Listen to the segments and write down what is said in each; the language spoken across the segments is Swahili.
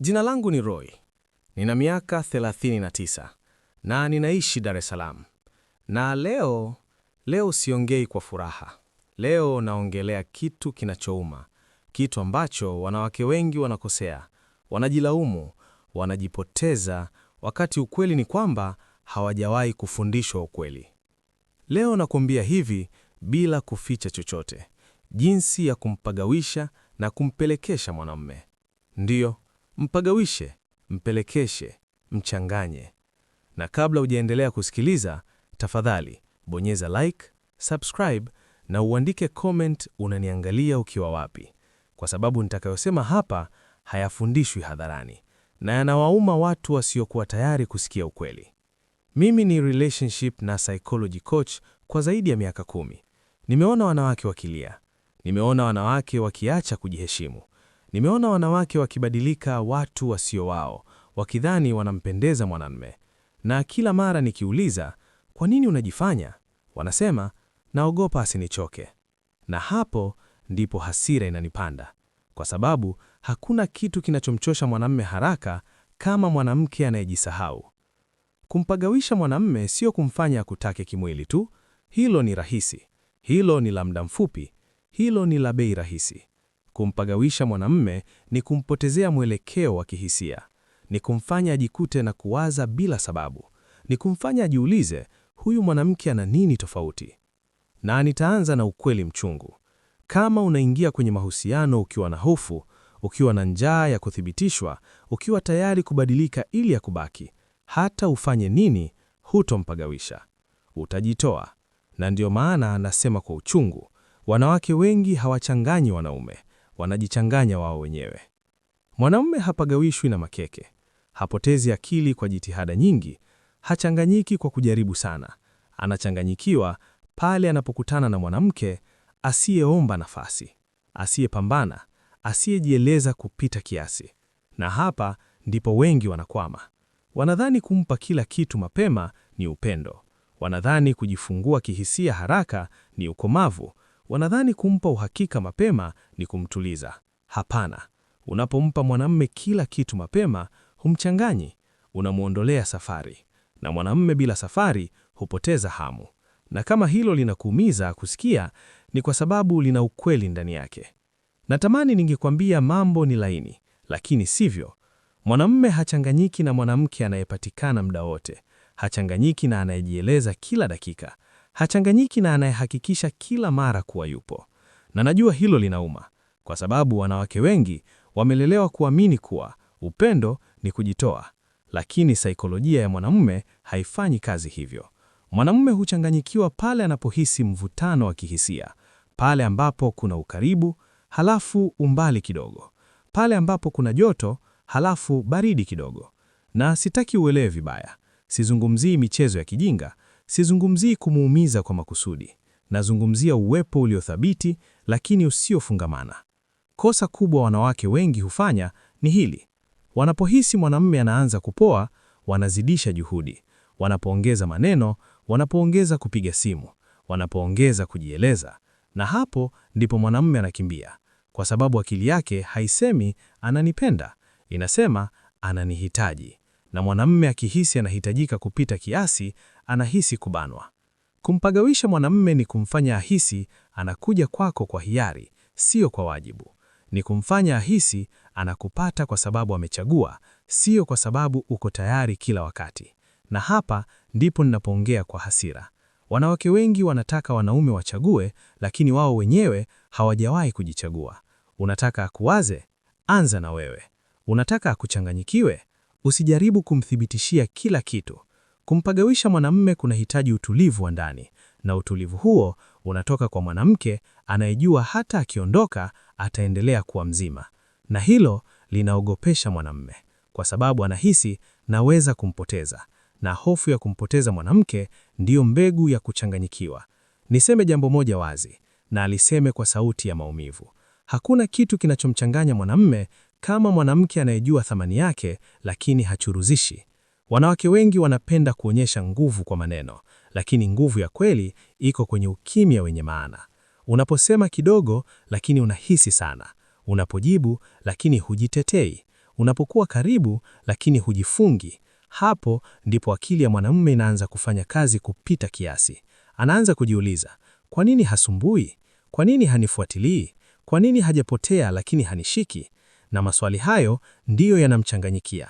Jina langu ni Roy. Nina miaka 39 na ninaishi Dar es Salaam. Na leo, leo siongei kwa furaha. Leo naongelea kitu kinachouma, kitu ambacho wanawake wengi wanakosea, wanajilaumu, wanajipoteza, wakati ukweli ni kwamba hawajawahi kufundishwa ukweli. Leo nakwambia hivi bila kuficha chochote, jinsi ya kumpagawisha na kumpelekesha mwanamume. Ndiyo, Mpagawishe, mpelekeshe, mchanganye. Na kabla hujaendelea kusikiliza, tafadhali bonyeza like, subscribe na uandike comment unaniangalia ukiwa wapi, kwa sababu nitakayosema hapa hayafundishwi hadharani na yanawauma watu wasiokuwa tayari kusikia ukweli. Mimi ni relationship na psychology coach kwa zaidi ya miaka kumi. Nimeona wanawake wakilia, nimeona wanawake wakiacha kujiheshimu Nimeona wanawake wakibadilika watu wasio wao, wakidhani wanampendeza mwanamume, na kila mara nikiuliza kwa nini unajifanya, wanasema naogopa asinichoke. Na hapo ndipo hasira inanipanda, kwa sababu hakuna kitu kinachomchosha mwanamume haraka kama mwanamke anayejisahau. Kumpagawisha mwanamume sio kumfanya akutake kimwili tu. Hilo ni rahisi, hilo ni la muda mfupi, hilo ni la bei rahisi. Kumpagawisha mwanamme ni kumpotezea mwelekeo wa kihisia, ni kumfanya ajikute na kuwaza bila sababu, ni kumfanya ajiulize, huyu mwanamke ana nini tofauti? Na nitaanza na ukweli mchungu. Kama unaingia kwenye mahusiano ukiwa na hofu, ukiwa na njaa ya kuthibitishwa, ukiwa tayari kubadilika ili ya kubaki, hata ufanye nini, hutompagawisha, utajitoa. Na ndiyo maana anasema kwa uchungu, wanawake wengi hawachanganyi wanaume, wanajichanganya wao wenyewe. Mwanamume hapagawishwi na makeke, hapotezi akili kwa jitihada nyingi, hachanganyiki kwa kujaribu sana. Anachanganyikiwa pale anapokutana na mwanamke asiyeomba nafasi, asiyepambana, asiyejieleza kupita kiasi. Na hapa ndipo wengi wanakwama. Wanadhani kumpa kila kitu mapema ni upendo. Wanadhani kujifungua kihisia haraka ni ukomavu, Wanadhani kumpa uhakika mapema ni kumtuliza. Hapana, unapompa mwanamme kila kitu mapema, humchanganyi, unamwondolea safari, na mwanamume bila safari hupoteza hamu. Na kama hilo linakuumiza kusikia, ni kwa sababu lina ukweli ndani yake. Natamani ningekwambia mambo ni laini, lakini sivyo. Mwanamume hachanganyiki na mwanamke anayepatikana muda wote, hachanganyiki na anayejieleza kila dakika hachanganyiki na anayehakikisha kila mara kuwa yupo. Na najua hilo linauma, kwa sababu wanawake wengi wamelelewa kuamini kuwa upendo ni kujitoa, lakini saikolojia ya mwanamume haifanyi kazi hivyo. Mwanamume huchanganyikiwa pale anapohisi mvutano wa kihisia, pale ambapo kuna ukaribu halafu umbali kidogo, pale ambapo kuna joto halafu baridi kidogo. Na sitaki uelewe vibaya, sizungumzii michezo ya kijinga, Sizungumzii kumuumiza kwa makusudi, nazungumzia uwepo uliothabiti lakini usiofungamana. Kosa kubwa wanawake wengi hufanya ni hili: wanapohisi mwanamume anaanza kupoa, wanazidisha juhudi, wanapoongeza maneno, wanapoongeza kupiga simu, wanapoongeza kujieleza, na hapo ndipo mwanamume anakimbia, kwa sababu akili yake haisemi ananipenda, inasema ananihitaji na mwanamume akihisi anahitajika kupita kiasi, anahisi kubanwa. Kumpagawisha mwanamume ni kumfanya ahisi anakuja kwako kwa hiari, sio kwa wajibu. Ni kumfanya ahisi anakupata kwa sababu amechagua, sio kwa sababu uko tayari kila wakati. Na hapa ndipo ninapoongea kwa hasira. Wanawake wengi wanataka wanaume wachague, lakini wao wenyewe hawajawahi kujichagua. Unataka akuwaze? Anza na wewe. Unataka akuchanganyikiwe? Usijaribu kumthibitishia kila kitu. Kumpagawisha mwanamume kunahitaji utulivu wa ndani, na utulivu huo unatoka kwa mwanamke anayejua hata akiondoka ataendelea kuwa mzima, na hilo linaogopesha mwanamume kwa sababu anahisi naweza kumpoteza, na hofu ya kumpoteza mwanamke ndiyo mbegu ya kuchanganyikiwa. Niseme jambo moja wazi, na aliseme kwa sauti ya maumivu: hakuna kitu kinachomchanganya mwanamume kama mwanamke anayejua thamani yake lakini hachuruzishi. Wanawake wengi wanapenda kuonyesha nguvu kwa maneno, lakini nguvu ya kweli iko kwenye ukimya wenye maana. Unaposema kidogo lakini unahisi sana. Unapojibu lakini hujitetei. Unapokuwa karibu lakini hujifungi. Hapo ndipo akili ya mwanamume inaanza kufanya kazi kupita kiasi. Anaanza kujiuliza, kwa nini hasumbui? Kwa nini hanifuatilii? Kwa nini hajapotea lakini hanishiki? na maswali hayo ndiyo yanamchanganyikia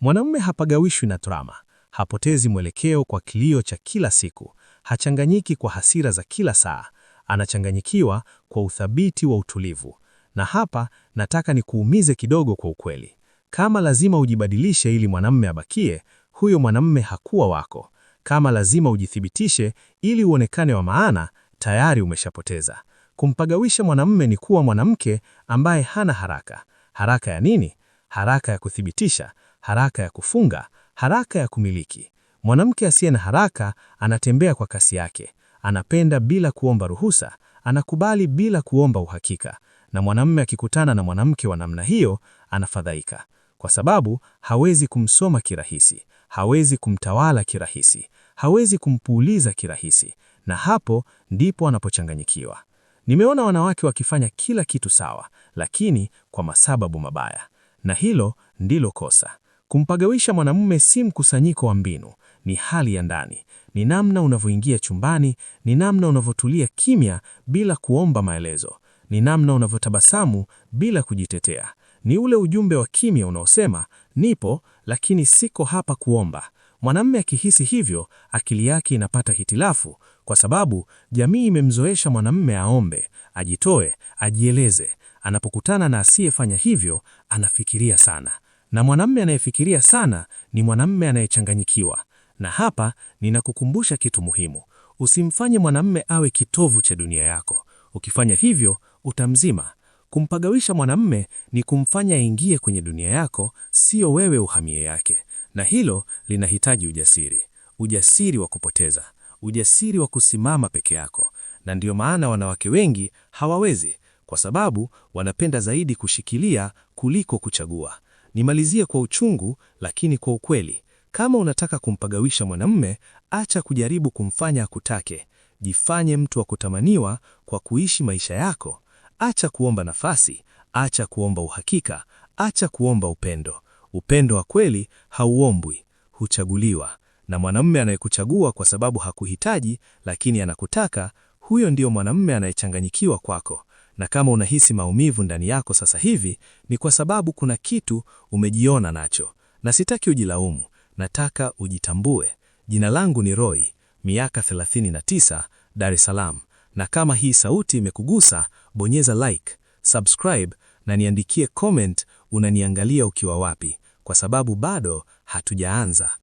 mwanamume. Hapagawishwi na drama, hapotezi mwelekeo kwa kilio cha kila siku, hachanganyiki kwa hasira za kila saa, anachanganyikiwa kwa uthabiti wa utulivu. Na hapa nataka nikuumize kidogo kwa ukweli. Kama lazima ujibadilishe ili mwanamume abakie, huyo mwanamume hakuwa wako. Kama lazima ujithibitishe ili uonekane wa maana, tayari umeshapoteza. Kumpagawisha mwanamume ni kuwa mwanamke ambaye hana haraka, Haraka ya nini? Haraka ya kuthibitisha, haraka ya kufunga, haraka ya kumiliki. Mwanamke asiye na haraka anatembea kwa kasi yake, anapenda bila kuomba ruhusa, anakubali bila kuomba uhakika. Na mwanamume akikutana na mwanamke wa namna hiyo, anafadhaika kwa sababu hawezi kumsoma kirahisi, hawezi kumtawala kirahisi, hawezi kumpuuliza kirahisi, na hapo ndipo anapochanganyikiwa. Nimeona wanawake wakifanya kila kitu sawa, lakini kwa masababu mabaya, na hilo ndilo kosa. Kumpagawisha mwanamume si mkusanyiko wa mbinu, ni hali ya ndani, ni namna unavyoingia chumbani, ni namna unavyotulia kimya bila kuomba maelezo, ni namna unavyotabasamu bila kujitetea, ni ule ujumbe wa kimya unaosema nipo lakini siko hapa kuomba. Mwanamume akihisi hivyo, akili yake inapata hitilafu, kwa sababu jamii imemzoesha mwanamume aombe, ajitoe, ajieleze. Anapokutana na asiyefanya hivyo, anafikiria sana, na mwanamume anayefikiria sana ni mwanamume anayechanganyikiwa. Na hapa ninakukumbusha kitu muhimu: usimfanye mwanamume awe kitovu cha dunia yako. Ukifanya hivyo, utamzima. Kumpagawisha mwanamme ni kumfanya aingie kwenye dunia yako, sio wewe uhamie yake, na hilo linahitaji ujasiri, ujasiri wa kupoteza, ujasiri wa kusimama peke yako. Na ndiyo maana wanawake wengi hawawezi, kwa sababu wanapenda zaidi kushikilia kuliko kuchagua. Nimalizie kwa uchungu, lakini kwa ukweli, kama unataka kumpagawisha mwanamme, acha kujaribu kumfanya akutake. Jifanye mtu wa kutamaniwa kwa kuishi maisha yako. Acha kuomba nafasi, acha kuomba uhakika, acha kuomba upendo. Upendo wa kweli hauombwi, huchaguliwa. Na mwanamume anayekuchagua kwa sababu hakuhitaji lakini anakutaka, huyo ndio mwanamume anayechanganyikiwa kwako. Na kama unahisi maumivu ndani yako sasa hivi, ni kwa sababu kuna kitu umejiona nacho. Na sitaki ujilaumu, nataka ujitambue. Jina langu ni Roy, miaka 39, Dar es Salaam. Na kama hii sauti imekugusa bonyeza like, subscribe na niandikie comment unaniangalia ukiwa wapi, kwa sababu bado hatujaanza.